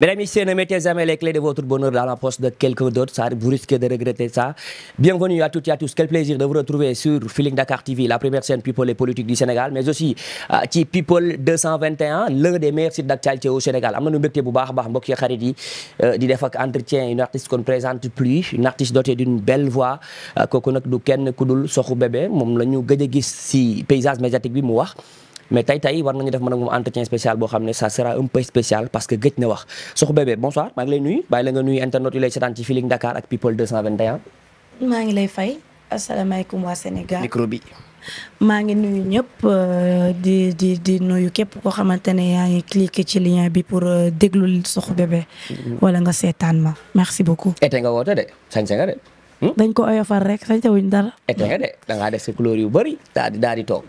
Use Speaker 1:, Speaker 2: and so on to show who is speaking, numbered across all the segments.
Speaker 1: Mesdames, Messieurs, ne mettez jamais les clés de votre bonheur dans la poche de quelqu'un d'autre, ça vous risquez de regretter ça. Bienvenue à toutes et tous. Quel plaisir de vous retrouver sur Feeling Dakar TV, la première chaîne people et politique du Sénégal, mais aussi euh, ci People 221, l'un des d'actualité au Sénégal. am nañu mbégte bu baax a baax mbokk yi xarit yi euh, di def ak entretien une artiste qu'on ne présente plus, une artiste dotée d'une belle voix euh, kooku nag du kenn moom la ñu gëj a gis si paysage médiatique bi mu wax. mais tey tey war nañu def mën ak moom entretien spécial boo xam ne ça sera un peu spécial parce que gëj na wax Sokhou Bébé bonsoir maa ngi lay nuyu bàyyi la nga nuyu internet yu lay seetaan ci Feeling Dakar ak People 221.
Speaker 2: maa ngi lay fay asalaamaaleykum waa Sénégal micro bi. maa ngi nuyu ñëpp euh, di di di nuyu képp koo xamante ne yaa ngi cliquer ci lien bi pour euh, déglu Sokhou Bébé. Mm-hmm. wala nga seetaan ma
Speaker 1: merci beaucoup. ete nga woote de sañse nga de. Hmm? dañ ko oyofal rek sañse wuñ dara. ete nga de da ngaa def sa couleur yu bëri daal di daal di toog.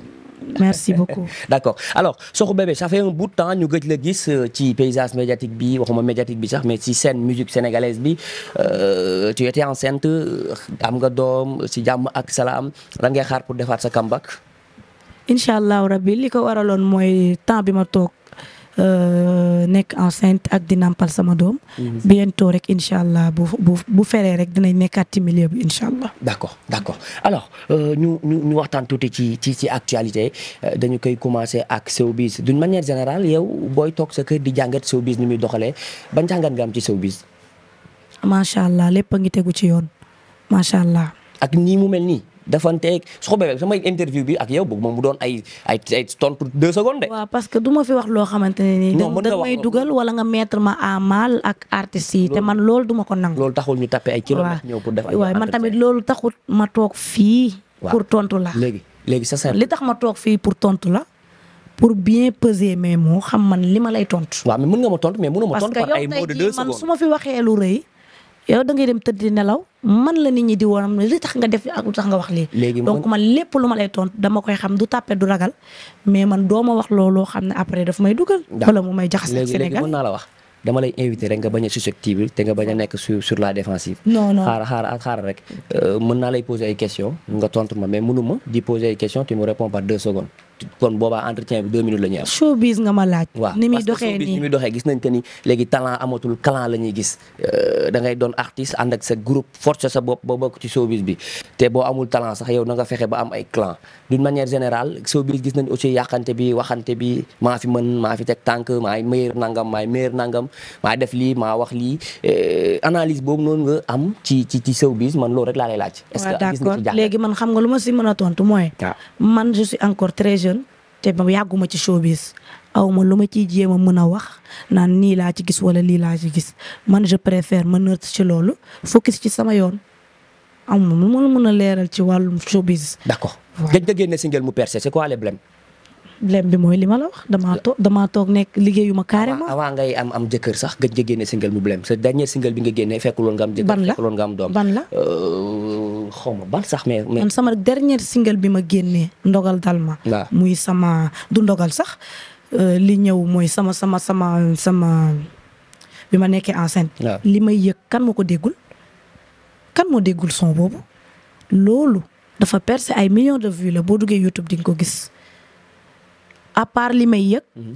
Speaker 2: merci beaucoup
Speaker 1: d' accord alors Sokhou Bébé ça fait temps ñu gëj la gis euh, ci paysage médiatique bi waxuma médiatique bi sax mais ci scène musique sénégalaise bi euh, tu étais enceinte euh, am nga doom ci jàmm ak salaam lan ngay xaar pour defaat sa comeback.
Speaker 2: incha allahu rabbi li ko waraloon mooy temps bi ma toog Euh, nekk enceinte ak di nàmpal sama doom. Mhm. too rek incha allah bu bu bu feree rek dinañ nekkaat ci milieu bi incha allah.
Speaker 1: d' accord d' accord alors euh, ñu ñu waxtaan tuuti ci ci ci actualité euh, dañu koy commencé ak showbiz du une manière général yow booy toog sa kër di jàngat bis ni muy doxalee ba jàngat nga am ci showbiz.
Speaker 2: macha allah lépp a ngi tegu ci yoon macha allah.
Speaker 1: ak nii mel nii. defanteeg su ko bébé samay interview bi ak yow bëgg moom mu doon ay tontu deux secondes. waaw parce que du ma fi wax
Speaker 2: loo xamante ne nii. non da may dugal wala nga mettre ma à mal ak artistes yi te man lool du ma ko nangu. loolu taxul ñu tapé ay
Speaker 1: kilomètres ñëw pour def man tamit
Speaker 2: loolu taxul ma toog fii. pour tontu la léegi léegi c'est ça. li tax ma toog fii pour tontu la. pour bien peser mes moo xam man li ma lay tontu. waaw mais mën nga ma tontu mais mënuma parce que yow tey jii man su ma fi waxee lu rëy. yow da dem tëdd di nelaw man la nit ñi di woon li tax nga def ak lu tax nga wax lii. donc man lépp lu ma lay tont dama koy xam du tàppe du ragal mais man doo ma wax looloo xam ne après daf may dugal. wala mu may jaxase ak Sénégal mën naa
Speaker 1: la wax. dama lay invité rek nga bañ a susceptible te nga bañ a nekk sur la défensive. non non xaaral xaaral rek euh, mën naa lay poser ay questions nga tontu ma mais mënu ma di poser ay questions tu me réponds par deux secondes. kon boobaa entretien bi minutes la ñuy am. showbiz nga ma laaj. ni muy doxee ni muy doxee gis nañ que ni léegi talent euh, sa bopp ba bokk ci showbiz bi te boo amul talent sax yow na nga fexe ba am ay clan d'une manière générale showbiz gis nañ aussi yàqante bi waxante bi maa fi mën maa fi teg tànk maay meilleur nangam maay meilleur nangam maay def lii maa wax lii euh, analyse boobu noonu nga am ci ci ci showbiz man loolu
Speaker 2: man xam nga lu a tontu mooy. Ah. man je encore très jeune te ba yàgguma ci showbiz awma lu ma ciy jéem a mën a wax naan nii laa ci gis wala lii laa ci gis man je préfère ma nër ci loolu focus ci sama yoon am amuma lu ma la mën a leeral ci wàllum showbiz.
Speaker 1: d'accord gëj nga génne single mu percé c'est quoi le blème.
Speaker 2: blème bi mooy li ma la wax damaa toog damaa
Speaker 1: toog nekk liggéeyuma carrément. avant ngay am am jëkkër sax ga nga génne single mu blème sa dernier single bi nga génne fekkuloon nga am. jëkkër fekkuloon nga am doom ban la. Euh, xaw ma ban sax mais. man sama dernier
Speaker 2: single bi ma génnee ndogal dal ma. muy sama du ndogal sax euh, li ñëw mooy sama sama sama sama bi ma nekkee enceinte. li may yëg kan moo ko déggul kan moo déggul son boobu loolu dafa percer ay millions de vues la boo duggee YouTube di nga ko gis à part li may yëg.
Speaker 1: Mhm.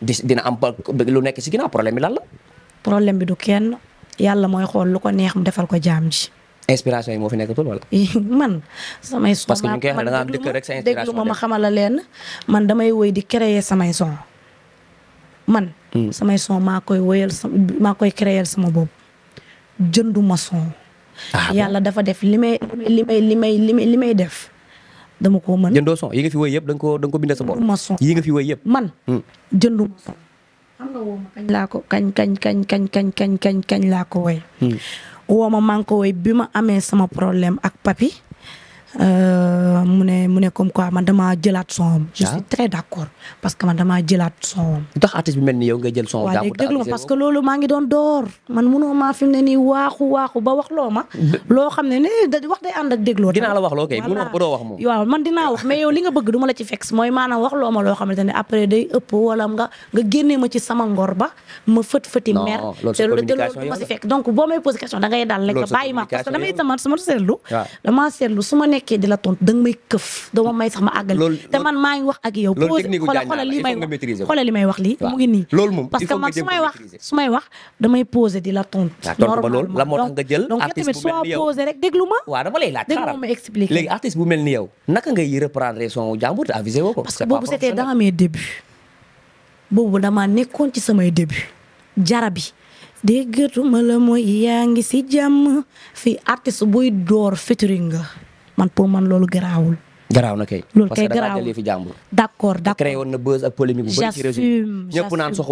Speaker 1: di dina am lu nekk si ginnaaw problème bi lan la.
Speaker 2: problème bi du kenn yàlla mooy xool lu ko neex
Speaker 1: defal ko jaam ji. inspiration yi moo fi nekkatul wala. man samay son parce que ñu ngi koy wax da nga am
Speaker 2: dëkk man damay woy di créer samay son man. Hmm. samay son maa koy woyal sama maa koy créer sama bopp jënduma son. Ah yàlla dafa def li may li may li may li may def. dama koo mën
Speaker 1: jëndoo son yi nga fi woy yëpp da koo ko da nga ko bindee sa bopp ma son yi nga fi woy yëpp man hmm. jëndu ma son
Speaker 2: kañ laa ko kañ kañ kañ kañ kañ kañ kañ laa ko woy hmm. woo ma maa ko woy bi ma amee sama problème ak papi Euh, mu ne mu ne comme quoi man damaa jëlaat son je ah. suis très d'accord parce que man damaa jëlaat son
Speaker 1: tax artiste bi mel ni yow nga jël son ma parce que
Speaker 2: loolu maa ne ba wax loo ma loo xam ne ne wax day ànd ak dégloo dinaa la wax loo kay mun wax ba doo wax moom waaw man dinaa ma la ci fekk mooy maanaam wax loo ma loo xamante ne après ba ma fët i mer te loolu du ma si fekk da ma parce que damay tamat fekkee di la tontu da nga may këf doo may sax ma àggal te man maa ngi wax ak yow li may wax li mu ngi
Speaker 1: nii loolu moom parce que man su may wax
Speaker 2: su may wax damay posé di la tontu normalement
Speaker 1: donc yow tamit soo posé rek déglu ma waaw dama ma expliqué léegi bu mel ni yow naka ngay reprendre son jàmbur te avisé woo ko parce que boobu c'était
Speaker 2: dans mes débuts boobu damaa nekkoon ci samay début jara bi déggatuma la si jàmm fi artiste buy door featuring man pour man loolu garaawul.
Speaker 1: garaaw na kay. loolu kay garaawul parce fi jàmbur. d' accord d' accord créé na buzz ak polémique bu bëri ci réseau ñëpp naan que.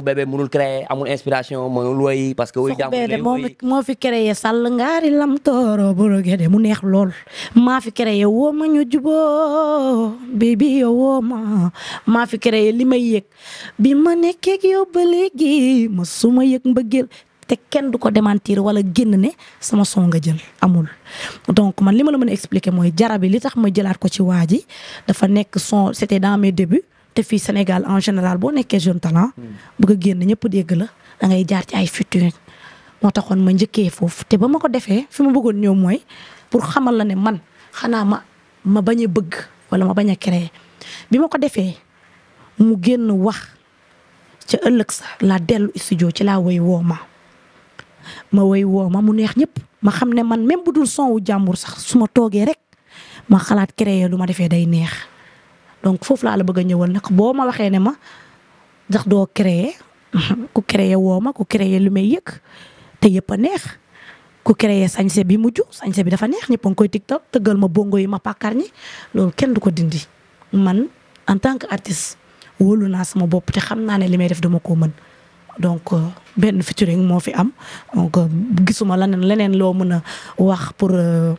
Speaker 1: woy jàmbur lay
Speaker 2: moo fi créé sàll ngaari lam tooro mu neex lool. maa fi créé woo ma ñu juboo bébi yow woo ma maa yëg bi ma nekkee yow ba léegi ma su te kenn du ko demantir wala génn ne sama son nga jël amul. donc man li ma la mën a expliquer mooy jarab bi li tax ma jëlaat ko ci waa ji dafa nekk son c'était dans mes débuts te fii Sénégal en général boo nekkee jeune talent. Hmm. bëgg a génn ñëpp dégg la da ngay jaar ci ay featuring moo taxoon ma njëkkee foofu te ba ma ko defee fi ma bëggoon ñëw mooy pour xamal la ne man xanaa ma ma bañ a bëgg wala ma bañ a créer bi ma ko defee mu génn wax ca ëllëg sax la dellu studio ci laa woy woo ma ma woy woo ma mu neex ñëpp ma xam ne man même bu dul wu jàmbur sax su ma toogee rek ma xalaat créer lu ma defee day neex donc foofu laa la bëgg a ñëwal nag boo ma waxee ne ma ndax doo créer ku créer woo ma ku créer lu may yëg te yëpp a neex ku créer sañse bi mujj sañse bi dafa neex ñëpp a ngi koy tiktok tëggal ma bongo yi ma pàkkar ñi loolu kenn du ko dindi man en tant que artiste wóolu naa sama bopp te xam naa ne li may def dama koo mën. donc euh, benn featuring moo fi am donc euh, gisuma leneen leneen loo mën a wax pour euh,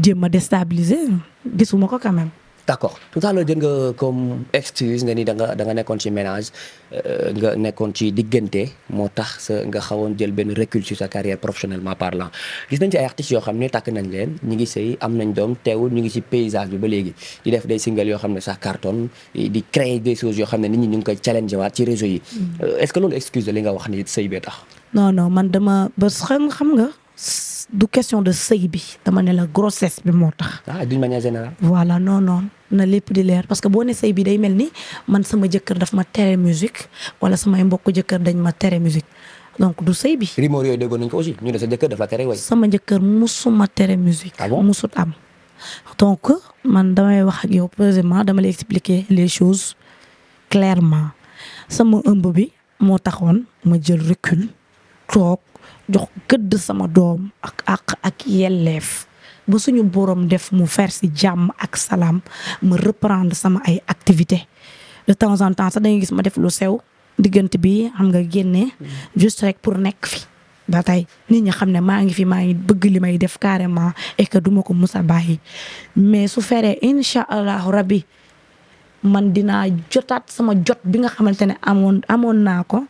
Speaker 2: jéem a déstabiliser gisuma ko quand
Speaker 1: d'accord tout à l'heure jël comme excuse nga ni da nekkoon ci ménage euh, nga nekkoon ci diggante moo tax sa nga xawoon jël benn recul sur sa carrière professionnellement parlant gis nañ ci ay artistes yoo xam ne takk doom teewul ñu ngi ci paysage bi ba léegi di def des singles yoo xam ne sax carton di créer des choses yoo xam ne nit ñu ngi koy challenge waat ci réseau yi mm. euh, est-ce que loolu excuse li nga wax ni sëy bee tax
Speaker 2: non non man dama ba xam nga du question de sëy bi dama ne la grossesse bi moo tax.
Speaker 1: ah d'une manière générale.
Speaker 2: voilà non non na lépp di leer parce que boo ne sëy bi day mel ni man sama jëkkër daf ma tere musique wala sama mbokk jëkkër dañ ma tere musique donc du sëy bi.
Speaker 1: rumeur yooyu déggoon nañ ko aussi ñu ne sa jëkkër daf la tere way. sama
Speaker 2: jëkkër musuma tere musique. ah bon musut am. donc man damay wax ak yow précisément dama lay expliquer les chose clairement sama ëmb bi moo taxoon ma jël recul toog. jox gëdd sama doom ak àq ak yelleef ba suñu borom def mu fer si jàmm ak salaam ma reprendre sama ay activité de temps en temps sax da nga gis ma def lu sew diggante bi xam nga génne juste rek pour nekk fi ba tey ni ñi xam ne maa ngi fi maa ngi bëgg li may def carrément et que duma ko mus a bàyyi mais su feree incha allahu rabbi man dinaa jotaat sama jot bi nga xamante ne amoon amoon naa ko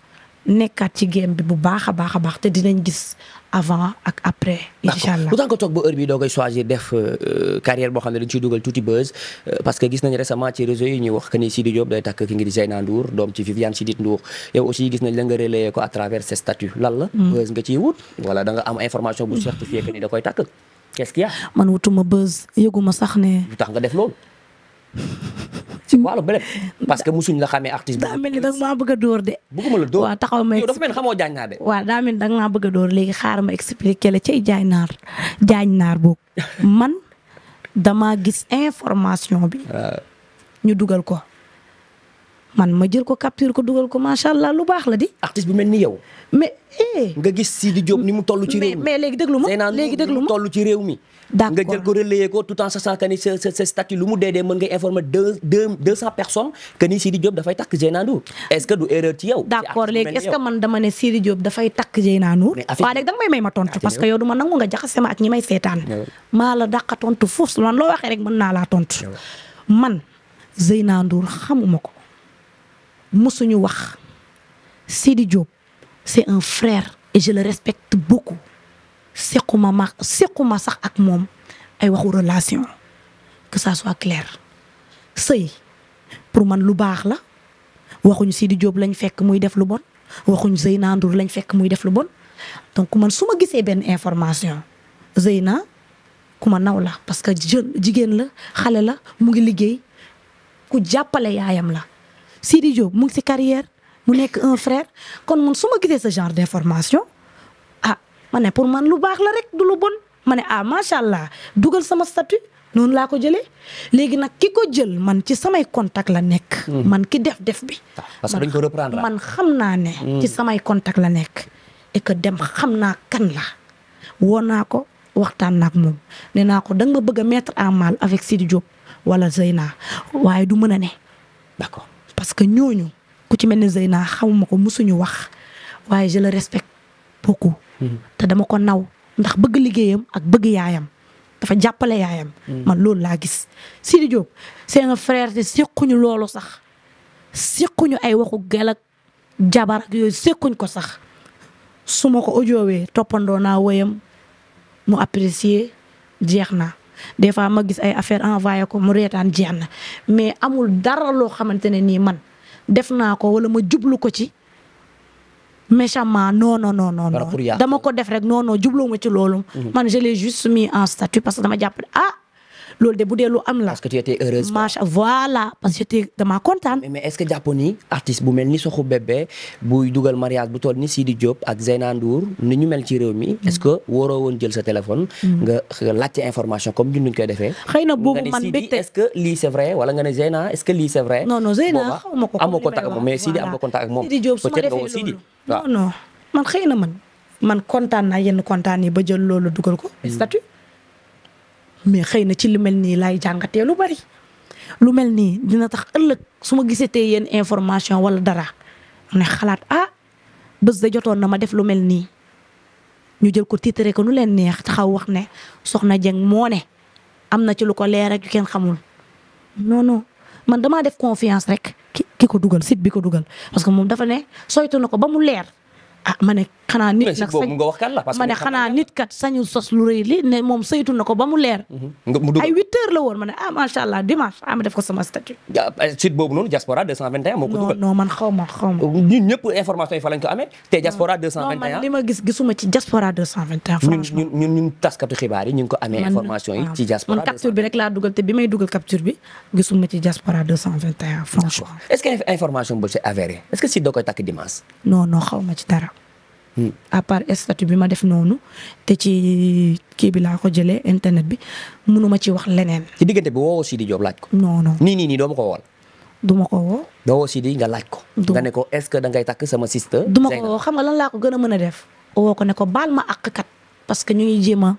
Speaker 2: nekkaat ci game bi bu baax a baax a baax te dinañ gis avant ak après.
Speaker 1: incha allah lu tax nga toog ba heure bi doo koy choisir def euh, euh, carrière boo xam ne dañ ciy dugal tuuti buzz euh, parce que gis nañ récemment ci réseau yi ñuy wax que ni Sidi gis nañ la nga relayé ko à travers ses mm. mm. a. sax ne. lu tax nga def loolu. ci parce que musuñ la xamee artiste bi daa mel
Speaker 2: ni da nga maa bëgg a de
Speaker 1: bëgguma la dóor taxaw ma dafa mel ni xamoo jaañ naar de
Speaker 2: waaw daa mel ni da nga maa bëgg a dóor léegi ma expliqué la cay jaañ naar jaañ naar boog man damaa gis information bi ah. ñu dugal ko man ma jël ko capture ko dugal ko macha allah lu baax
Speaker 1: la di. artiste bu mel ni yow. mais eh. nga gis Sidi Diop ni mu toll ci réew mi mais léegi déglu ma léegi déglu ma mu toll ci réew mi. d'accord nga jël ko relayer ko tout en sachant lu mu dee dee mën nga informer deux deux deux cent personnes que ni Sidi Diop dafay takk Zeyna Ndour est ce que du erreur ci yow. d'accord léegi est ce que man
Speaker 2: dama ne Sidi Diop dafay takk Zeyna Ndour. mais affaire bi da nga may may ma tontu parce que yow du ma nangu nga jaxase ma ak ñi may seetaan. maa la dàqa tontu foofu man loo waxee rek mën naa laa tontu. man Zeyna Ndour xamuma ko suñu wax Sidi Diop c'est un frère et je le respecte beaucoup sequma ma sequma sax ak moom ay waxu relation que ça soit clair sëy pour man lu baax la waxuñ Sidi Diop lañ fekk muy def lu bon waxuñu Zeyna Ndour lañ fekk muy def lu bon donc man su gisee benn information Zeyna ku ma naw la parce que jeune jigéen la xale la mu ngi liggéey ku jàppale yaayam la Sidi Diop mu ngi si carrière mu nekk un frère kon mu su ma gisee ce genre d'information ah ma ne pour man lu baax la rek du lu bon ma ne ah macha allah dugal sama statut noonu laa ko jëlee léegi nag ki ko jël man ci samay contact la nekk. Hmm. man ki def def bi. Ah, parce man xam naa ne. Hmm. ci samay contact la nekk. et que dem xam naa kan la woo naa ko waxtaan naak moom nee naa ko da nga ma bëgg a mettre en mal avec Sidi Diop wala naa waaye du mën a ne. parce que ñooñu ku ci mel ni Zeyna xamuma ko musuñu wax waaye je le respecte beaucoup. Mm-hmm. te dama ko naw ndax bëgg liggéeyam ak bëgg yaayam dafa jàppale yaayam. Mm-hmm. man loolu laa gis. Sidi Diop c'est un frère te séquñu loolu sax séquñu ay waxu gel ak jabar ak yooyu ko sax su ma ko ojoowee toppandoo naa woyam mu apprécier jeex na des fois ma gis ay affaire envoyé ko mu reetaan jeex na mais amul dara loo xamante ne nii man def naa ko wala ma jublu ko ci méchamment non non non non dama ko def rek non non jublu ma ci loolu mhm. man je juste mis en statut parce que dama jàpp ah, loolu de bu dee lu am la. parce que tu
Speaker 1: voilà parce que j'étais damaa kontaan. mais est que jàppoon ni bu mel ni Soxu Bébé buy dugal mariage bu toll ni Sidi Diop ak Zeyna Ndour ni ñu mel ci réew mi. est que waroo woon jël sa téléphone. Mm-hmm. nga laajte information comme ñun koy defee. xëy na boobu man mbégte est que lii c' est nga ne Zeyna est que lii c' est vrai. ko amoo contact moom mais Sidi am nga contact ak moom. Sidi Diop su
Speaker 2: ma defee loolu peut mais xëy na ci lu mel nii laay jàngatee lu bari lu mel nii dina tax ëllëg su ma gisee te yenn information wala dara ne xalaat ah bés da jotoon na ma def lu mel nii ñu jël ko titre ko nu leen neex taxaw wax ne soxna Dieng moo ne am na ci lu ko leer rek yu kenn xamul non non man dama def confiance rek ki ki ko dugal sit bi ko dugal parce que moom dafa ne soytu na ko ba mu leer. ah ma ne xanaa nit ne xanaa nit kat sañul sos lu rëy li ne moom saytu na ko ba mu leer
Speaker 1: mhm. ay huit
Speaker 2: heures la woon ma ah macha allah dimanche ah ma def ko sama
Speaker 1: statut site boobu noonu diaspora 221 moo ko dugal non man xaw ma xaw ñëpp information yi fa lañ ko amee te diaspora 221 non man li ma gis gisuma information yi ci diaspora que information bu c'est avéré est que site da takk dimanche
Speaker 2: non non xaw ma ci dara à part statut bi ma def noonu te ci kii bi laa ko jëlee internet bi mënuma ci wax leneen.
Speaker 1: ci diggante bi woo Sidi Diop laaj ko. non non nii nii nii doo ma ko wool. du ma ko woo. doo woo Sidi nga laaj ko. nga ne ko est-ce que da ngay takk sama sister. du
Speaker 2: ma ko woo xam nga lan laa ko gën a mën a def. woo ko ne ko baal ma àq kat parce que ñu ngi jéem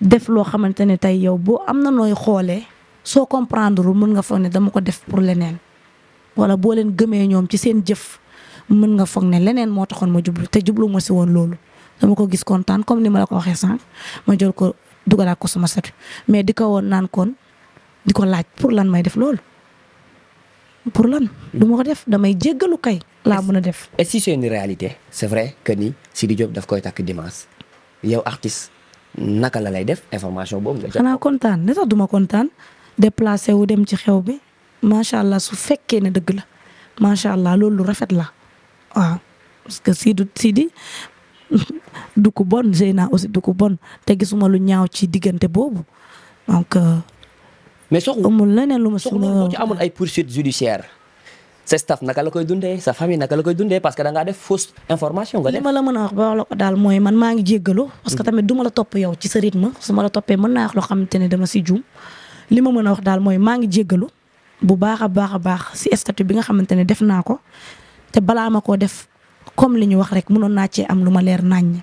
Speaker 2: def loo xamante ne tey yow boo am na nooy xoolee soo comprendre mun nga foog ne dama ko def pour leneen wala boo leen gëmee ñoom ci seen jëf. mën nga foog ne leneen moo taxoon ma jublu te jublu ma si woon loolu dama ko gis kontaan comme ni ma la ko waxee sànq ma jël ko dugalaat ko sama statut mais di ko woon naan kon di ko laaj pour lan may def loolu pour lan. du ma ko def damay jéggalu kay. laa mën a def.
Speaker 1: et si réalité c'est vrai que ni Sidi Diop daf koy takk dimanche yow artiste naka la lay def information boobu nga. xanaa
Speaker 2: kontaan ne sax du ma kontaan déplacé wu dem ci xew bi macha allah su fekkee ne dëgg la macha allah loolu lu rafet la. quoi parce que Sidi Sidi du ko bon naa aussi du ko bon te gisuma lu ñaaw ci diggante boobu donc. Euh,
Speaker 1: mais soxna ne leneen lu ma. soxna ci amul ay poursuites judiciaires. sa staff naka la koy dundee sa famille naka la koy dundee parce que da def fausse information. nga def li
Speaker 2: a wax ba mooy man maa ngi jéggalu. parce que mm-hmm. tamit du ma la topp yow ci sa rythme su ma la toppee mën naa wax loo xamante ne dama si juum li ma mën a wax daal mooy maa ngi jéggalu bu baax a baax baax si statut bi nga xamante ne def naa ko te balaa ma ko def comme li ñu wax rek mënoon naa cee am lu ma leer naññ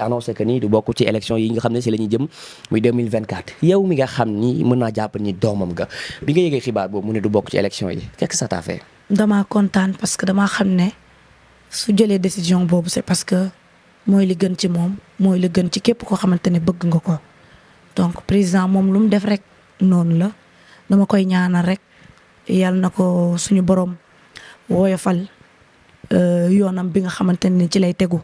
Speaker 1: annoncé que nii du bokk ci élection yi nga xam ne si la ñuy jëm muy 2024 yow mi nga xam ni mën naa jàpp ni doomam ga bi nga yëgee xibaar boobu mu ne du bokk ci élection yi qu'est-ce que ça t'a fait.
Speaker 2: damaa kontaan parce que damaa xam ne su jëlee décision boobu c'est parce que mooy li gën ci moom mooy li gën ci képp koo xamante ne bëgg nga ko donc président moom lu mu def rek noonu la dama koy ñaanal rek yàlla na ko suñu boroom borom woyofal euh, yoonam bi nga xamante ne ci lay tegu.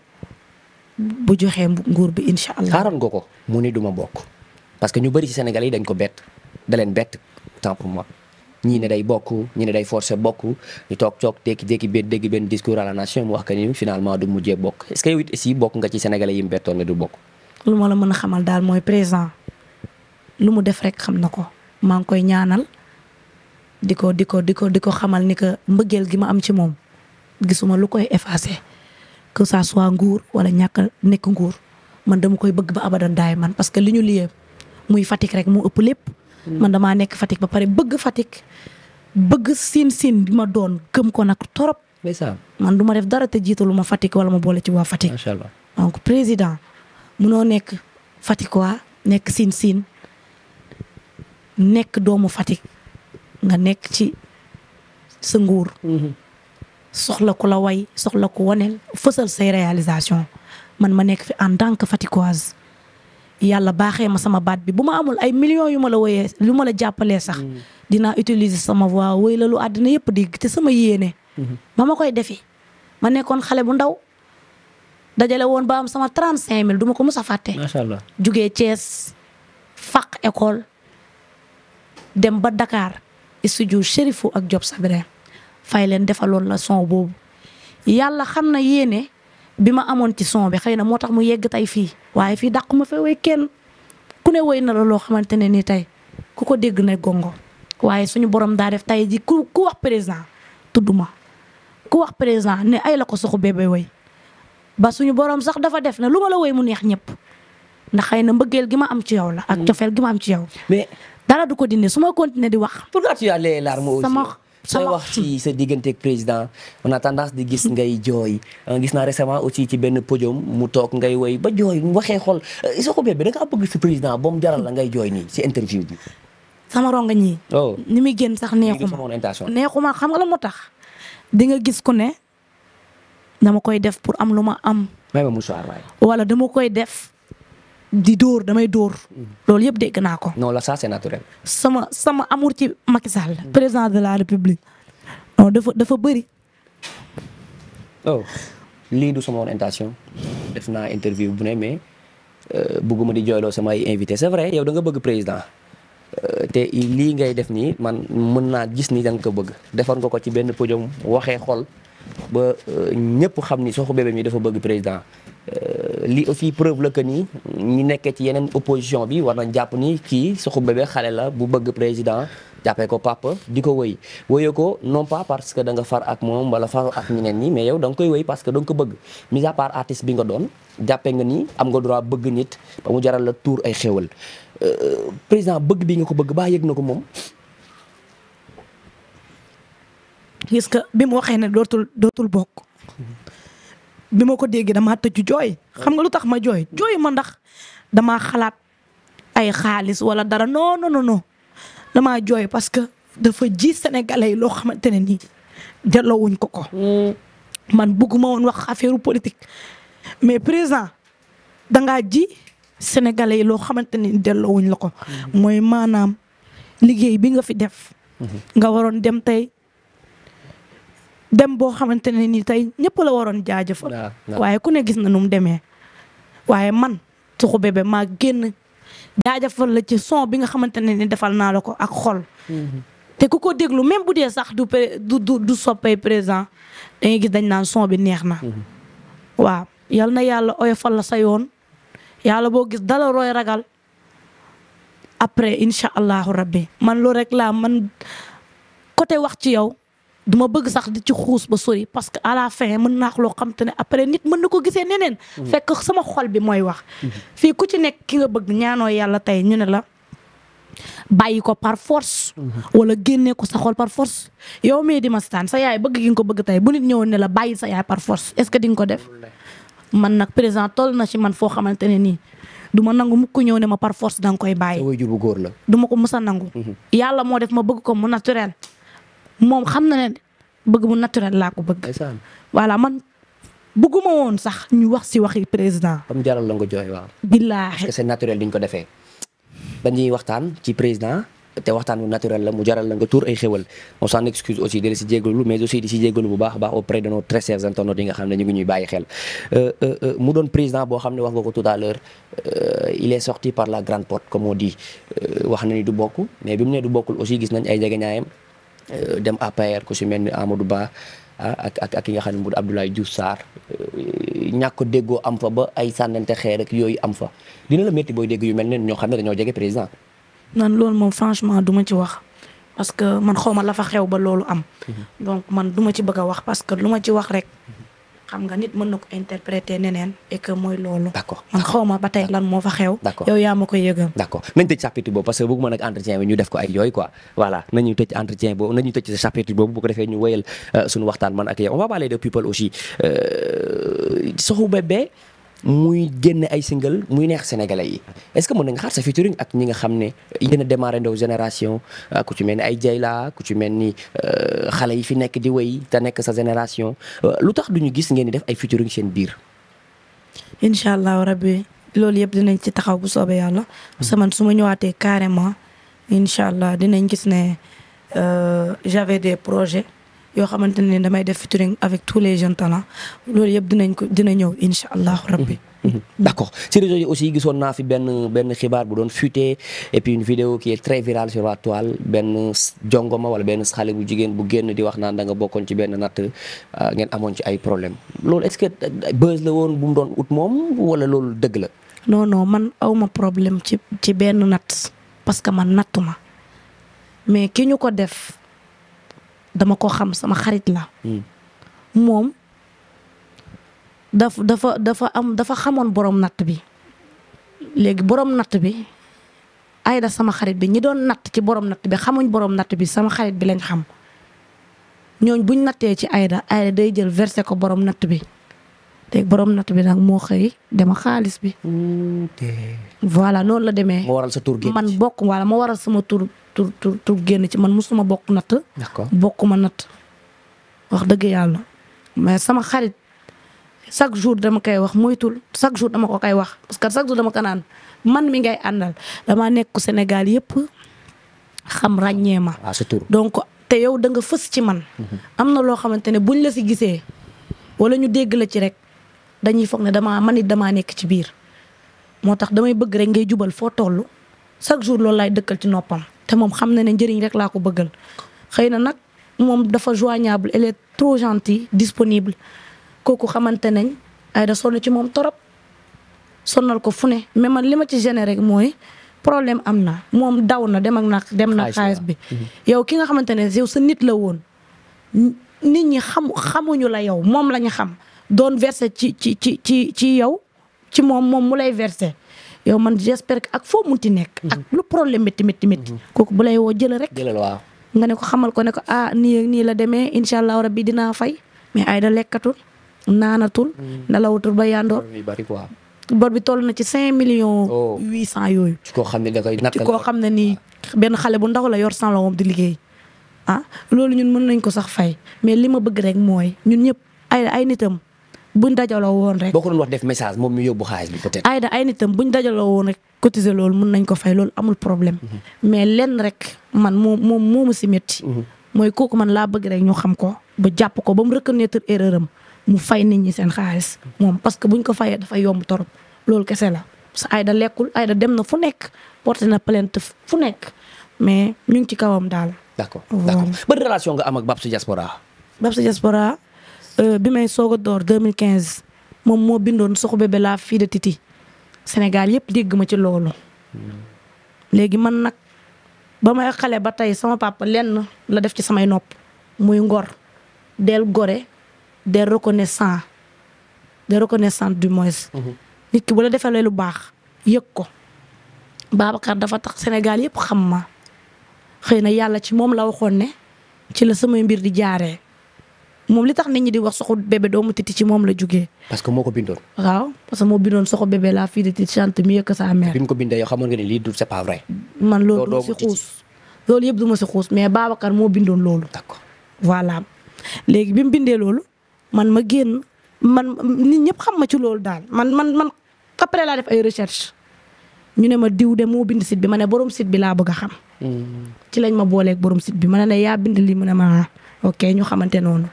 Speaker 2: bu joxee
Speaker 1: nguur bi incha allah. xaaroon nga ko mu ni duma bokk parce que ñu bëri ci Sénégal yi dañ ko bett da leen bett tant pour moi ñii ne day bokk ñii ne day forcé bokk ñu toog toog tekki-tekki benn dégg benn discours à la mu wax que ni finalement du mujjee bokk est ce que yow it aussi bokk nga ci Sénégalais yi mu bettoon ne du bokk.
Speaker 2: lu ma la mën a xamal daal mooy président lu mu def rek xam na ko maa ngi koy ñaanal di ko di ko di ko di ko xamal ni que mbëggeel gi ma am ci moom gisuma lu koy effacé. que ça soit nguur wala ñàkk nekk nguur man dama koy bëgg ba abadan daay man parce que li ñu liyee muy Fatick rek mu ëpp lépp. Mm. man damaa nekk Fatick ba pare bëgg Fatick bëgg siin siin bi ma doon gëm ko nag torop. man du ma def dara te jiitalu ma Fatick wala ma boole ci waa Fatick. macha allah donc président munoo nekk Fatick waa nekk siin siin nekk doomu fatik nga nekk ci sa nguur. Mm-hmm. soxla ku la way soxla ku waneel fësal say réalisation man ma nekk fi en tant que Faticoise yàlla baaxee ma sama baat bi bu ma amul ay millions yu ma la woyee yu ma la jàppalee sax mm. dinaa utiliser sama waa woy la lu àddina yëpp dégg te sama yéene
Speaker 1: mm-hmm.
Speaker 2: ma koy defi ma nekkoon xale bu ndaw dajale woon ba am sama 35000 du ma ko mës a fàtte. macha allah jugee Thiès faq école dem ba Dakar studio Chérifou ak Job Sabré fay leen defa defaloon la son boobu yàlla xam na yéene bi ma amoon ci son bi xëy na moo tax mu yegg tey fii waaye fii dàq ma fa way kenn ku ne woy na la loo xamante ne ni tey ku ko dégg na gongo waaye suñu borom daa def tey ji ku ku wax président tudd ku wax président ne ay la ko suxu bébé woy ba suñu borom sax dafa def na lu ma la woy mu neex ñëpp ndax xëy na mbëggeel gi ma am ci yow la. ak mm. cofeel gi ma am ci yow.
Speaker 1: mais dara du ko dindi su ma continuer di wax. pourquoi sooy wax ci sa diggante président on a tendance di gis ngay jooy euh, gis naa récemment aussi ci benn podium mu toog ngay woy ba jooy waxee xol euh, Socko Bébé da ngaa bëgg si président ba mu jaral la ngay jooy nii si interview bi.
Speaker 2: sama ronga ñii.
Speaker 1: Oh. ni muy génn sax neexuma
Speaker 2: neexuma xam nga la moo tax. di nga gis ku ne dama koy def pour am lu ma am. ma wala dama koy def. di dóor damay dóor. loolu yëpp dégg naa ko. non la ça c'est naturel. sama sama amur ci Macky Sall. président de la république. non dafa dafa bari
Speaker 1: oh, lii du sama orientation def naa interview bu ne mais euh, bëgguma di jooyloo samay invité c'est vrai yow da nga bëgg président. Euh, te lii ngay def nii man mën naa gis ni danga ko bëgg defar nga ko ci benn podium waxee xol ba euh, ñëpp xam ni Sokh Bébé mi dafa bëgg président Euh, li aussi preuve la que nii ñu nekkee ci yeneen opposition bi war nañ jàpp ni kii Soxna ba xale la bu bëgg président jàppee ko papa di ko wëy wëyee ko non pas parce que da nga far ak moom wala far ak ñeneen nii mais yow da nga koy wëy parce que da nga ko bëgg mis à part artiste bi nga doon jàppee nga ni am nga droit bëgg nit ba mu jaral la tuur ay xéwal euh, président bëgg bi nga ko bëgg baa yëg na ko moom. gis nga bi mu waxee ne dootul dootul bokk. Mm-hmm.
Speaker 2: bi ma ko déggee damaa tëju jooy xam nga lu tax ma jooy jooy ma ndax damaa xalaat ay xaalis wala dara non non non damaa jooy parce que dafa ji sénégalais yi loo xamante ne nii delloowuñ ko ko. Mm. man bëgguma woon wax affaire politique mais président dangaa ji sénégalais yi loo xamante ne delloowuñ la ko. Mm. mooy maanaam liggéey bi nga fi def. Mm-hmm. nga waroon dem tey dem boo xamante ne ni tey ñëpp la waroon jaajëfal. waaye ku ne gis na nu mu demee. waaye man Soukh Bébé maa génn jaajëfal la ci son bi nga xamante ne ni defal naa la ko ak xol. Mm-hmm. te ku ko déglu même bu dee sax du du du soppay présent da ngay gis dañ naan son bi neex na. Mm-hmm. waaw yal na yàlla oyofal la sa yoon yàlla boo gis dala roy ragal après incha allahu rabbi man loolu rek laa man côté wax ci yow. du ma bëgg sax di ci xuus ba sori parce que à la fin mën naa loo xam te ne après nit mën na ko gisee neneen. Mm-hmm. fekk sama xol bi mooy wax. Mm-hmm. fii ku ci nekk ki nga bëgg ñaanoo yàlla tey ñu ne la. bàyyi ko par force. Mm-hmm. wala génne ko sa xol par force. yow mii di ma taan sa yaay bëgg gi ko bëgg tey bu nit ñëwoon ne la bàyyi sa yaay par force est-ce que di nga ko def. man nag président toll na ci man foo xamante ne nii du ma nangu ku ñëw ne ma par force danga koy bàyyi. sa waajur bu la. du ma ko mës a nangu. bëgg ko mu naturel. moom xam na ne bëgg bu naturel laa ko bëgg. voilà man bëgguma woon sax ñu wax si waxi président.
Speaker 1: comme jaral la nga jooy waaw.
Speaker 2: billaahi
Speaker 1: que c'est naturel duñ ko defee. ba ñuy waxtaan ci président. te waxtaan bu naturel la mu jaral la nga tuur ay xéwal on s'en excuse aussi di la si di si jégalu bu a baax auprès de nos très chers nga xam ne ñu ngi ñuy bàyyi xel euh, euh, euh, mu doon président boo xam ne wax nga ko tout à l'heure il est sorti par la grande porte comme on dit wax na ni du bokk mais bi mu ne du bokkul aussi gis nañ ay jegeñaayam Euh, dem APR ku si mel ni Amadou Ba ah, ak ak ak ki nga xam ne mu Abdoulaye Diouf Sarr euh, ñàkk déggoo am fa ba ay sànnante xeer rek yooyu am fa dina la métti booy dégg yu mel neen ñoo xam ne dañoo jege président.
Speaker 2: nan loolu moom franchement duma ci wax parce que man xaw ma la fa xew ba loolu am. Mhm. donc man duma ci bëgg a wax parce que lu ma ci wax rek. xam nga nit mën na ko interpréter neneen et que mooy loolu. d' accord man xaw ma ba tey lan moo fa xew.
Speaker 1: d' accord yow yaa ma ko yëgal. d' accord nañ tëj chapitre boobu parce que bëgguma nag entretien bi ñu def ko ay yooyu quoi voilà nañu tëj entretien boobu nañu tëj ñu wéyal euh, suñu waxtaan man ak yow on va parler de people aussi euh, Sokhou Bébé muy génne ay single muy neex sénégalais yi est-ce que mën nga xaar sa featuring ak ñi nga xam ne yéen a démarré ndaw génération ah, ku ci mel ni ay Jayla ku ci mel ni euh, xale yi fi nekk di wéy te nekk sa génération euh, lu tax duñu gis ngeen di def ay featuring seen biir.
Speaker 2: incha allah rabbi loolu yëpp dinañ ci taxaw bu soobee yàlla parce que man su ma ñëwaatee carrément incha allah dinañ gis ne euh, j'avais des projet yoo xamante ne damay def featuring avec tous les jeunes talents loolu yëpp dinañ ko dina ñëw incha allahu rabbi.
Speaker 1: Mhm, mhm, mhm. d' accord si réseaux yi aussi gisoon naa fi benn benn xibaar bu doon fuité et puis une vidéo qui est très sur la benn jongoma wala benn xale bu jigéen bu génn di wax naan da nga bokkoon ci benn natt ah, ngeen amoon ci ay problème loolu est ce que buzz la woon bu mu doon ut moom wala loolu dëgg la. non non man
Speaker 2: awma problème ci ci benn natt parce que man nattuma mais ki ñu ko def. dama ko xam sama xarit la hmm. moom daf dafa dafa am dafa xamoon borom natt bi léegi borom natt bi ayda sama xarit bi ñi doon natt ci borom natt bi xamuñ borom natt bi sama xarit bi lañ xam ñooñ buñ nattee ci ayda Aida day jël versé ko borom natt bi léegi borom natt bi nag moo xëy dema xaalis bi. Hmm, voilà noonu la demee. moo waral sa tur man bokk wala moo waral sama tur tur tur tur génn ci man musuma bokk natt. d'accord ma natt wax dëgg yàlla mais sama xarit chaque jour dama koy wax moytul chaque jour dama ko koy wax parce que chaque jour dama ko naan man mi ngay àndal damaa nekk Sénégal yëpp xam ràññee ma. waaw ah, donc te yow da nga fës ci man. Mm-hmm. am na loo xamante ne buñ la si gisee wala ñu dégg la ci rek dañuy foog ne damaa man it damaa nekk ci biir moo tax damay bëgg rek ngay jubal foo toll chaque jour loolu laay dëkkal ci noppam. te moom xam na ne njëriñ rek laa ko bëggal xëy na nag moom dafa joignable elle est trop gentille disponible kooku xamante nañ Aïda sonn ci moom torop sonnal ko fu ne mais man li ma ci gêné rek mooy problème am na moom daw na dem ak na dem na xaalis bi mm-hmm. yow ki nga xamante ne yow sa nit la woon nit ñi xam xamuñu la yow moom lañu xam don versé ci ci ci ci ci yow ci moom moom mu lay versé yow man j'espère que ak foo munti nekk. Mhm. ak lu problème métti métti métti. Mhm. kooku bu lay woo jëlal rek. jëlal waaw nga ne ko xamal ko ne ko ah nii nii la demee incha allah rabbi dinaa fay mais ay da lekkatul naanatul. la mhm. nalawatul ba yandoor bor bi toll na ci cinq millions. Oh. huit cent yooyu.
Speaker 1: ci koo xam ne da koy natt ci koo
Speaker 2: xam ne nii benn xale bu ndaw la yor san la di liggéey. ah loolu ñun mën nañ ko sax fay mais li ma bëgg rek mooy ñun ñëpp ay ay nitam buñ dajaloo woon rek. boo ko
Speaker 1: doon wax def message moom mi yóbbu xaalis bi peut-être.
Speaker 2: Aida ay nitam buñ dajaloo woon rek cotiser loolu mun nañ ko fay loolu amul problème. Mhm. mais lenn rek man moom moom moomu si metti mhm. mooy kooku man laa bëgg rek ñu xam ko ba jàpp ko ba mu reconnaître erreur am mu fay nit ñi seen xaalis moom parce que buñ ko fayee dafa yomb torop loolu kese la. parce que Aida lekkul Aida dem na fu nekk porté na plainte fu nekk mais ñu ngi ci kawam daal.
Speaker 1: d'accord d'accord ban relation nga am ak Babs Diaspora.
Speaker 2: Babs Diaspora Euh, bi may soog a door 2015 moom moo bindoon Soxubé laa fii de Titi Sénégal yëpp dégg ma ci loolu. léegi man nag ba may xale ba tey sama papa lenn la def ci samay nopp muy ngor del gore del reconnaissant del reconnaissant du moins. Mhm. nit ki bu la defalee lu baax yëg ko. Babacar dafa tax Sénégal yëpp xam ma xëy na yàlla ci moom la waxoon ne ci la samay mbir di jaaree. moom li tax nit ñi di wax soxu bébé doomu titi ci moom la jugee.
Speaker 1: parce que moo ko bindoon.
Speaker 2: waaw parce que moo bindoon soxu bébé la fille de Titi chante mieux que sa mère. mu ko bindee man loolu duma si xuus loolu yëpp duma si xuus mais baaba Babacar moo bindoon loolu. d'accord voilà léegi bi mu bindee loolu man ma génn man nit ñëpp xam ma ci loolu daal man man man après laa def ay recherche ñu ne ma diw de moo bind site bi ma ne borom si bi laa bëgg xam. Hmm. ci lañ ma booleeg borom si bi ma ne ne yaa bind lii mu ne ma ah, ok ñu xamante noonu.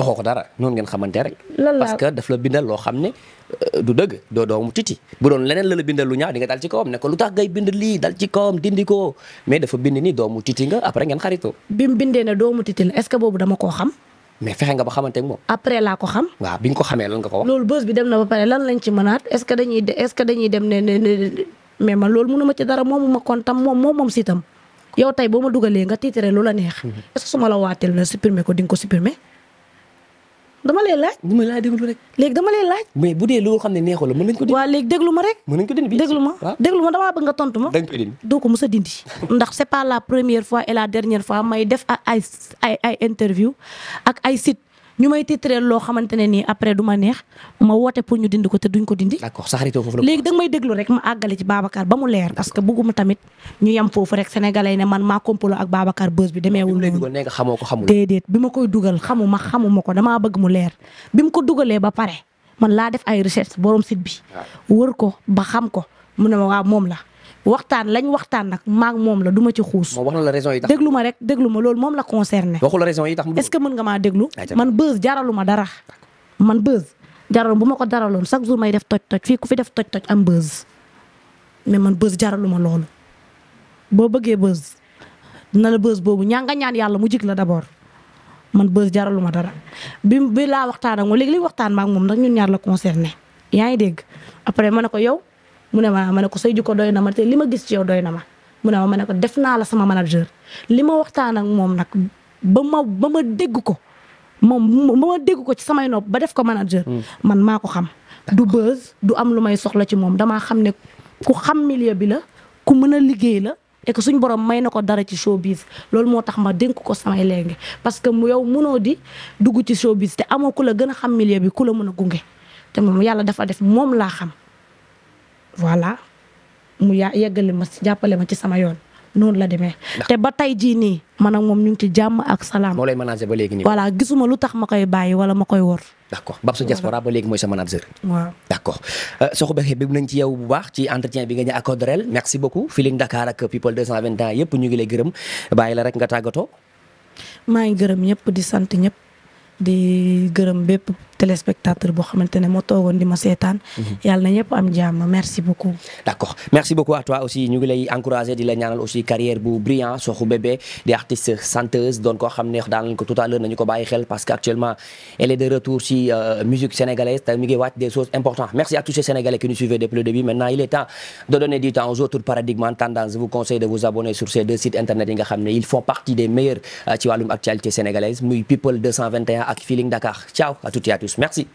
Speaker 1: waxoo ko dara noonu ngeen xamante rek. parce que daf la bindal loo xam ne euh, du dëgg doo doomu titi. bu doon leneen la la bindal lu ñaaw di nga dal ci kawam ne ko lu tax ngay bind dal ci kawam dindi fexe nga ba xamante moom.
Speaker 2: après laa ko xam.
Speaker 1: waaw xamee lan nga ko wax. loolu
Speaker 2: bës bi dem na ba pare lan lañ ci mënaat est-ce dem ne ne mais man loolu mënu ma ci dara moomu ma kontam moom moom moom sitam yow tey boo ma dugalee nga tiitere lu la neex. Mhm. est-ce la dama lay laaj. dama lay déglu rek. léegi dama lay laaj. mais bu dee loo xam ne neexul la mën nañ ko. waaw léegi déglu ma rek. mën nañ ko dindi ma déglu ma damaa bëgg nga tontu ma. dañ doo ko mës a dindi. ndax c'est pas la première fois et la dernière fois may def ay ay ay interview ak ay site ñu may titreel loo xamante ne nii après du ma neex ma wote pour ñu dindi ko te duñ ko dindi. d'accord
Speaker 1: sa xaritoo foofu la léegi
Speaker 2: danga may déglu rek ma àggale ci Babacar ba mu leer parce que bëgguma tamit ñu yem foofu rek sénégalais ne man maa komplo ak Babacar bës bi demeewul
Speaker 1: noonu nee nga xamoo ko xamul déedéet
Speaker 2: bi ma koy dugal xamuma xamuma ko damaa bëgg mu leer bi mu ko dugalee ba pare man laa def ay recherche borom sit bi wër ko ba xam ko mu ne ma waa moom la waxtaan lañ waxtaan nag maak moom la duma ci xuus. moom la raison yi tax déglu ma rek déglu ma loolu moom la concerné. waxu la yi tax est-ce que mën nga maa déglu. man buzz jaralu ma dara. man buzz jaraloon bu ma ko jaraloon chaque jour may def toj-toj fii ku fi def toj-toj am buzz mais man buzz jaralu ma loolu boo bëggee buzz na la buzz boobu ñaa nga ñaan yàlla mu jig la d'abord. man bës jaraluma dara bi bi laa waxtaan ak moom léegi li waxtaan maak moom ndax ñun ñaar la concerné yaa ngi dégg après ma ne ko yow mu ne ma ma ne ko say jikko doy na ma te li ma gis ci yow doy na ma mu ne ma ma ko def naa la sama manager li ma waxtaan ak moom nag ba ma ba ma dégg ko moom ba ma dégg ko ci samay nopp ba def ko manager hmm. man maa ko xam du buzz du am lu may soxla ci moom damaa xam ne ku xam milieu bi la ku mën a liggéey la et que suñ borom may na ko dara ci showbiz loolu moo tax ma dénk ko samay léegi parce que mu yow mënoo di dugg ci soobis te amoo ku la gën xam milieu bi ku la mën a gunge te moom yàlla dafa def moom laa xam voilà mu yaa yeggali ma si jàppale ma ci sama yoon noonu la demee. te ba tey jii nii man moom ñu
Speaker 1: ngi ci jàmm ak salaam. moo lay manager ba léegi nii. voilà
Speaker 2: gisuma lu tax ma koy bàyyi wala ma koy wor.
Speaker 1: d'accord Babsou Diaspora ba léegi mooy sa manager. waaw d'accord euh, soo ko bëggee bëgg nañ ci yow bu baax ci entretien bi nga ñu accordé merci beaucoup Feeling Dakar ak People 221 yëpp ñu ngi lay gërëm bàyyi la rek nga tàggatoo.
Speaker 2: maa ngi gërëm ñëpp di sant ñëpp di gërëm bépp téléspectateur boo xamante ne moo toogoon di ma seetaan. Mhm. yàlla am jàmm merci beaucoup.
Speaker 1: d' toi aussi ñu lay encouragé di la ñaanal aussi carrière bu brillant Sokhou Bébé di artiste chanteuse doon koo xam ne daan tout à l'heure nañu ko xel parce que actuellement elle de retour si euh, musique sénégalaise te mi ngi wàcc des choses importantes merci à tous sénégalais qui nous suivaient depuis le début maintenant il est temps de donner du temps aux autres paradigmes en tous. Merci.